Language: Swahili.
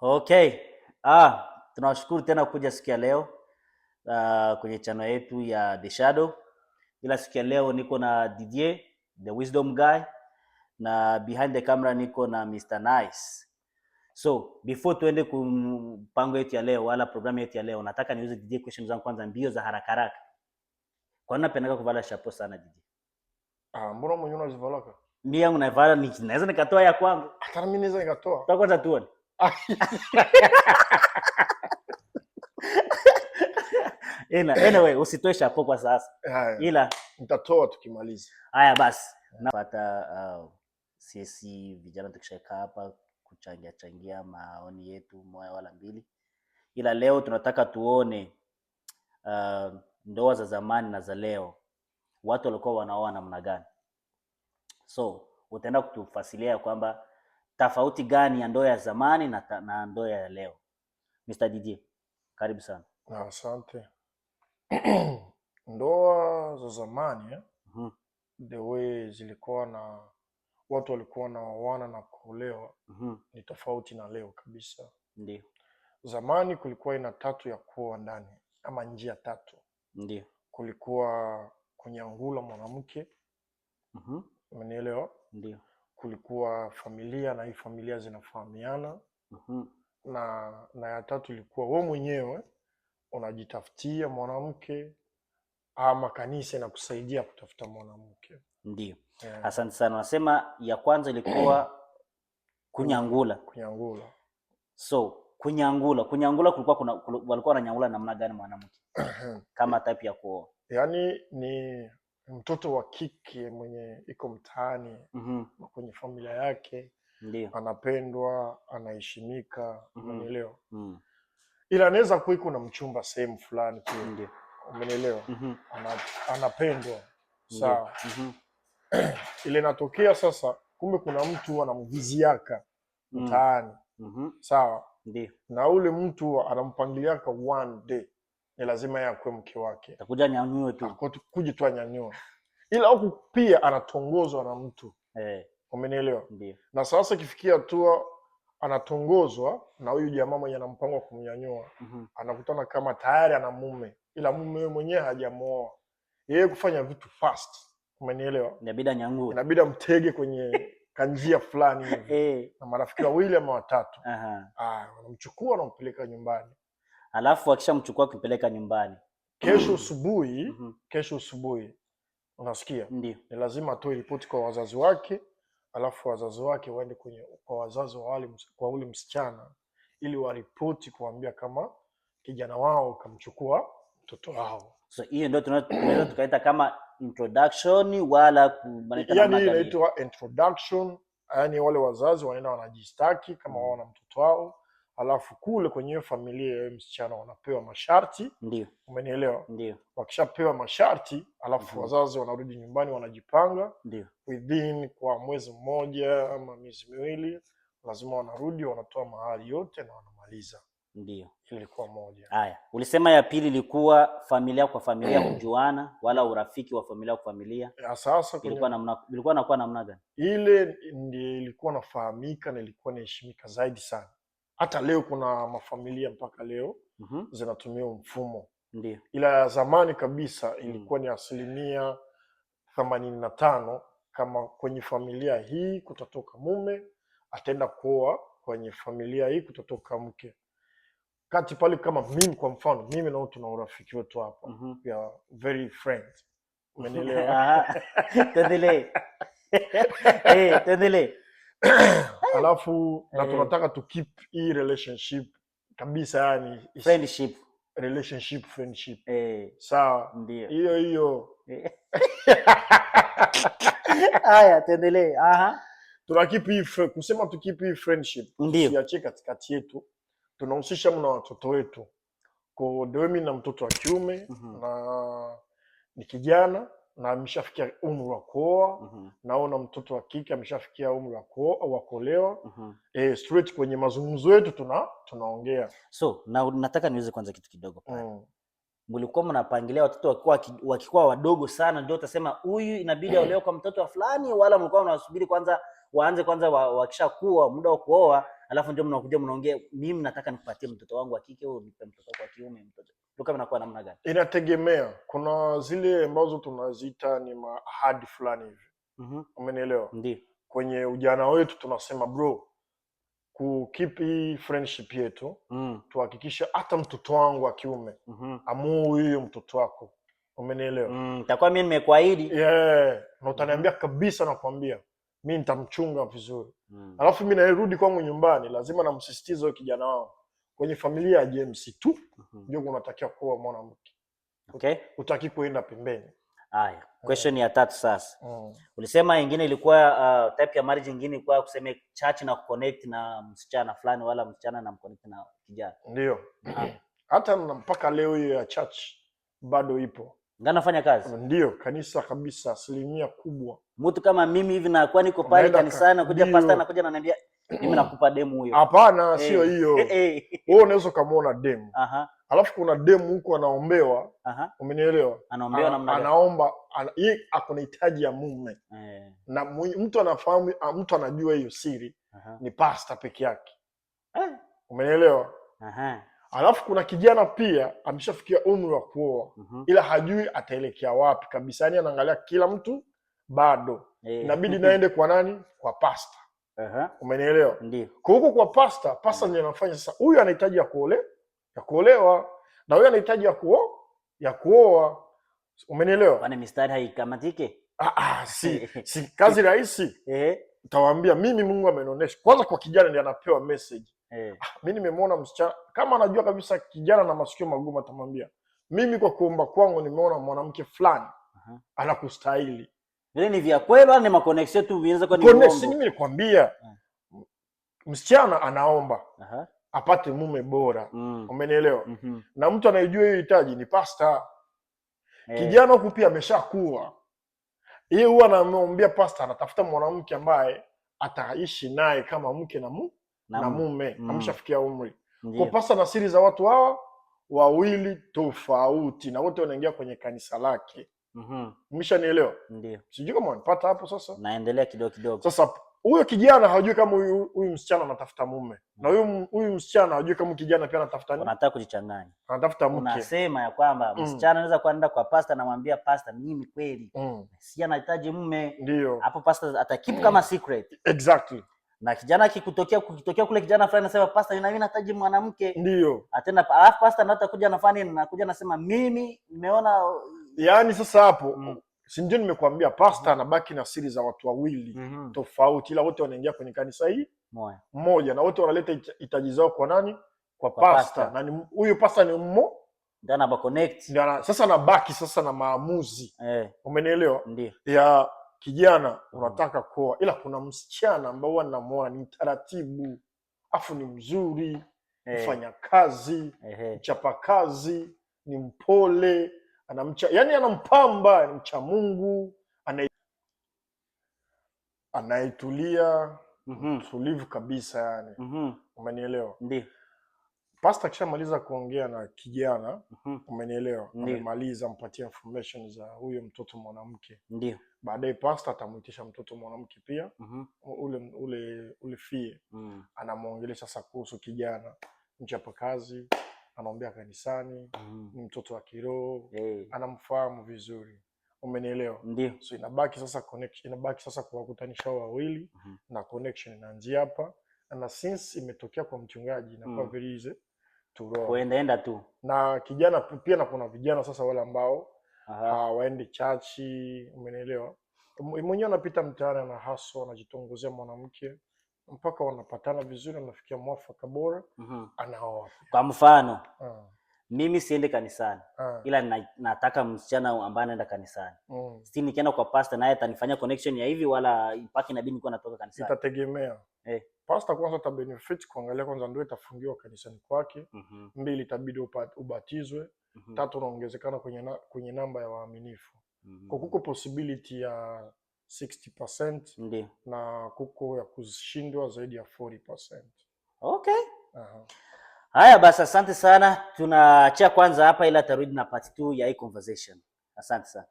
Okay. Ah, tunawashukuru tena kuja siku ya leo uh, kwenye chano yetu ya The Shadow. Ila siku ya leo niko na Didier the Wisdom Guy na behind the camera niko na Mr Nice. So before tuende kumpango yetu ya leo wala programu yetu ya leo, nataka niuze Didier question zangu kwanza mbio za haraka haraka. Kwa nini napenda kuvala chapeau sana Didier? Ah, mbona mwenyewe unazivalaka? Mimi yangu naivala, naweza nikatoa ya kwangu. Hata mimi naweza nikatoa. Tutakwenda tuone ila anyway, usitoe shapo kwa sasa, ila nitatoa tukimaliza haya. Basi napata uh, sisi vijana tukishakaa hapa kuchangia changia maoni yetu moja wala mbili, ila leo tunataka tuone uh, ndoa za zamani na za leo watu walikuwa wanaoa namna gani, so utaenda kutufasilia ya kwamba tofauti gani ya ndoa ya zamani na, na ndoa ya leo? Mr. DJ, karibu sana. Asante. Ndoa za zamani eh? mm -hmm. the way zilikuwa na watu walikuwa na wana na kuolewa mm -hmm. ni tofauti na leo kabisa. Ndio. Zamani kulikuwa ina tatu ya kuoa ndani ama njia tatu. Ndio. Kulikuwa kunyangula mwanamke. Mhm. Mm, umenielewa? Ndio kulikuwa familia na hii familia zinafahamiana. mm -hmm. na na ya tatu ilikuwa wewe mwenyewe unajitafutia mwanamke ama kanisa inakusaidia kutafuta mwanamke. Ndio, yeah. Asante sana. Nasema ya kwanza ilikuwa kunyangula, kunyangula. So kunyangula, kunyangula kulikuwa kuna, walikuwa wananyangula namna gani mwanamke kama type ya kuoa? Yaani ni mtoto wa kike mwenye iko mtaani mm -hmm. kwenye familia yake Ndiyo. anapendwa, anaheshimika, mm-hmm. umenielewa? mm -hmm. mm -hmm. ila anaweza kuwa iko na mchumba sehemu fulani pia, umenielewa? mm -hmm. anapendwa sawa. mm -hmm. ile inatokea sasa, kumbe kuna mtu anamviziaka mm. mtaani mm -hmm. sawa Ndiyo. na ule mtu anampangiliaka one day ni lazima yeye akuwe mke wake, atakuja nyanyue tu, kuji tu anyanyue, ila huku pia anatongozwa na mtu eh. Umenielewa? Ndio. Na sasa kifikia hatua anatongozwa na huyu jamaa mwenye ana wa kumnyanyua mm -hmm. Anakutana kama tayari ana mume, ila mume yeye mwenyewe hajamuoa, yeye kufanya vitu fast. Umenielewa? Inabidi anyanyue, inabidi amtege kwenye kanjia fulani hivi eh. na marafiki wawili ama watatu, ah, wanamchukua wanampeleka nyumbani alafu akishamchukua kumpeleka nyumbani kesho mm-hmm. asubuhi mm -hmm. kesho asubuhi unasikia, ndio ni lazima atoe ripoti kwa wazazi wake, alafu wazazi wake waende kwenye kwa wazazi wa kwa ule msichana ili waripoti kuambia kama kijana wao kamchukua mtoto wao. So hiyo ndio tunaweza tukaita kama introduction wala yani inaitwa introduction, yani wale wazazi wanaenda wanajistaki kama mm-hmm. wao na mtoto wao alafu kule kwenye hiyo familia ya msichana wanapewa masharti. Ndio, umenielewa? Ndio, wakishapewa masharti alafu mm -hmm. wazazi wanarudi nyumbani wanajipanga. Ndio, within kwa mwezi mmoja ama miezi miwili lazima wanarudi wanatoa mahali yote na wanamaliza. Ndio, ilikuwa moja. Haya, ulisema ya pili ilikuwa familia kwa familia kujuana, wala urafiki wa familia kwa familia. Ya Sasa ilikuwa namna, ilikuwa inakuwa namna gani? Ile ndio ilikuwa nafahamika na ilikuwa inaheshimika zaidi sana hata leo kuna mafamilia mpaka leo mm -hmm. zinatumia mfumo Ndiyo. ila zamani kabisa mm. ilikuwa mm. ni asilimia themanini na tano kama kwenye familia hii kutatoka mume ataenda kuoa kwenye familia hii kutatoka mke kati pale. Kama mimi kwa mfano, mimi nao tuna urafiki wetu hapa mm -hmm. ya very Eh. alafu na eh. tunataka to keep hii relationship kabisa, yani friendship relationship friendship. eh Sawa, ndio hiyo hiyo. Haya, eh. tuendelee. Aha, tunakipi hii kusema tukipi hii friendship, ndio siache katikati yetu, tunahusisha mna watoto wetu. Kwa ndio mimi na mtoto wa kiume mm -hmm. na ni kijana na ameshafikia umri wa kuoa mm -hmm. Naona mtoto wa kike ameshafikia umri wa kuoa wa kuolewa mm -hmm. E, straight kwenye mazungumzo yetu tuna tunaongea, so na nataka niweze kwanza kitu kidogo pale mm. Mlikuwa mnapangilia watoto wakiwa wakikuwa wadogo sana ndio utasema huyu inabidi aolewe kwa mtoto wa fulani, wala mlikuwa mnawasubiri kwanza waanze kwanza wakishakuwa muda wa kuoa, alafu ndio mnakuja mnaongea, mimi nataka nikupatie mtoto wangu wa kike, nipe mtoto wa kiume mtoto ndio inakuwa namna gani? Inategemea, kuna zile ambazo tunaziita ni mahadi fulani hivi mm -hmm. Umenielewa? Ndio kwenye ujana wetu tunasema bro, kukeep hii friendship yetu mm. Tuhakikishe hata mtoto wangu wa kiume mm -hmm. amuoe huyo mtoto wako, umenielewa? mm, takuwa mimi nimekuahidi yeah. na mhm. utaniambia mm -hmm. kabisa, nakwambia mi nitamchunga vizuri mm. Alafu mi nairudi kwangu nyumbani, lazima namsisitiza huyo kijana wangu kwenye familia ya James tu Jogo unatakiwa kuwa mwanamke. Okay. Utaki kuenda pembeni. Haya. Eh. Question ya tatu sasa. Mm. Ulisema ingine ilikuwa uh, type ya marriage ingine ilikuwa kuseme church na connect na msichana fulani wala msichana na connect na kijana. Ndio. Ah. Hata mpaka leo hiyo ya church bado ipo. Nga nafanya kazi. Ndio, kanisa kabisa asilimia kubwa. Mtu kama mimi hivi na kwa niko pale kanisani na kuja pastor anakuja ananiambia mimi nakupa demu huyo. Hapana, eh. Sio hiyo. Eh. Wewe hey. Unaweza kumuona demu. Aha alafu kuna demu huko anaombewa, umenielewa? Anaombewa namna gani? Anaomba yeye akuna hitaji ya mume eh, na mtu anafahamu, mtu anajua hiyo siri ni pasta peke yake eh, umenielewa? Alafu kuna kijana pia ameshafikia umri wa kuoa mhm. ila hajui ataelekea wapi kabisa, yani anaangalia kila mtu bado eh. inabidi naende kwa nani? Kwa pasta. Umenielewa? Ndio. Kwa huko kwa pasta, pasta ndiye anafanya sasa, huyu anahitaji ya kuolewa ya kuolewa na huyo anahitaji ya kuo ya kuoa. Umenielewa? Kwani mistari haikamatike? Ah, ah, si, si kazi rahisi eh. Utawaambia mimi Mungu amenionyesha kwanza. Kwa kijana ndiye anapewa message eh. Ah, mimi nimemwona msichana, kama anajua kabisa kijana na masikio magumu, atamwambia mimi kwa kuomba kwangu nimeona mwanamke fulani uh -huh. anakustahili. Vile yaani ni vya kweli au ni makoneksio tu? Vianza kwa ni mwongo. Mimi nikwambia eh. msichana anaomba uh -huh apate mume bora mm. Umenielewa? mm -hmm. Na mtu anayejua hiyo hitaji ni pasta hey. Eh. Kijana huku pia ameshakuwa yeye, huwa anamwambia pasta anatafuta mwanamke ambaye ataishi naye kama mke na, mu, na, na mume mm. Ameshafikia umri kwa pasta na siri za watu hawa wawili tofauti, na wote wanaingia kwenye kanisa lake. Mhm. Mmeshanielewa? mm -hmm. Ndio, sijui kama wanapata hapo sasa. Naendelea kidogo kidogo sasa huyo kijana hajui kama huyu msichana anatafuta mume na mm. huyu huyu msichana hajui kama kijana pia anatafuta nini, anataka kujichanganya, anatafuta mke. Unasema ya kwamba mm. msichana mm. anaweza kwenda kwa pasta, namwambia pasta, mimi kweli mm. si anahitaji mume. Ndio hapo pasta atakeep mm. kama secret exactly na kijana kikutokea kukitokea kule kijana fulani anasema pasta, mimi mimi nataji mwanamke, ndio atenda. Alafu pasta anataka kuja anafanya nakuja anasema mimi nimeona, yaani sasa hapo mm si ndio nimekuambia pasta mhm. anabaki na siri za watu wawili mm -hmm. tofauti, ila wote wanaingia kwenye kanisa hii mmoja na wote wanaleta hitaji zao kwa nani? Kwa, kwa pasta, pasta. Na huyu pasta ni mmo na, sasa nabaki sasa na maamuzi eh. Umenielewa ya kijana mhm. unataka kuoa, ila kuna msichana ambao huwa namwona ni mtaratibu afu ni mzuri eh. mfanya kazi eh. mchapa kazi ni mpole anamcha, yani anampamba, anamcha mcha Mungu anayetulia mm -hmm. kabisa yani mm -hmm. Umenielewa? Ndio. Pasta akishamaliza kuongea na kijana mm -hmm. Umenielewa? Amemaliza, ampatia information za huyo mtoto mwanamke. Ndio. Baadaye pasta atamwitisha mtoto mwanamke pia mm -hmm. ule ule ule fie mm. anamwongelea sasa kuhusu kijana mchapakazi anaombea kanisani mm. ni mtoto wa kiroho hey. Eh. anamfahamu vizuri, umenielewa? Ndio. So inabaki sasa connection, inabaki sasa kuwakutanisha wawili mm -hmm. na connection inaanzia hapa, na since imetokea kwa mchungaji na kwa mm. vilize kuendaenda tu na kijana pia, na kuna vijana sasa wale ambao hawaendi chachi, umenielewa? Mwenyewe anapita mtaani na haso anajitongozea mwanamke mpaka wanapatana vizuri, wanafikia mwafaka bora mm -hmm. Anaoa. Kwa mfano mm. mimi siende kanisani mm. ila na, nataka msichana ambaye anaenda kanisani mm. si nikienda kwa pasta naye atanifanyia connection ya hivi wala mpaka inabidi nikuwa natoka kanisani, itategemea eh. Pasta kwanza ta benefit kuangalia kwanza, ndio itafungiwa kanisani kwake mm -hmm. Mbili itabidi ubatizwe mm -hmm. Tatu unaongezekana kwenye, na, kwenye namba ya waaminifu mm -hmm. Kwa kuko possibility ya 60% ndio, na kuku ya kushindwa zaidi ya 40%. Okay. Uh-huh. Haya basi, asante sana, tunaacha kwanza hapa, ila tarudi na part 2 ya hii conversation. Asante sana.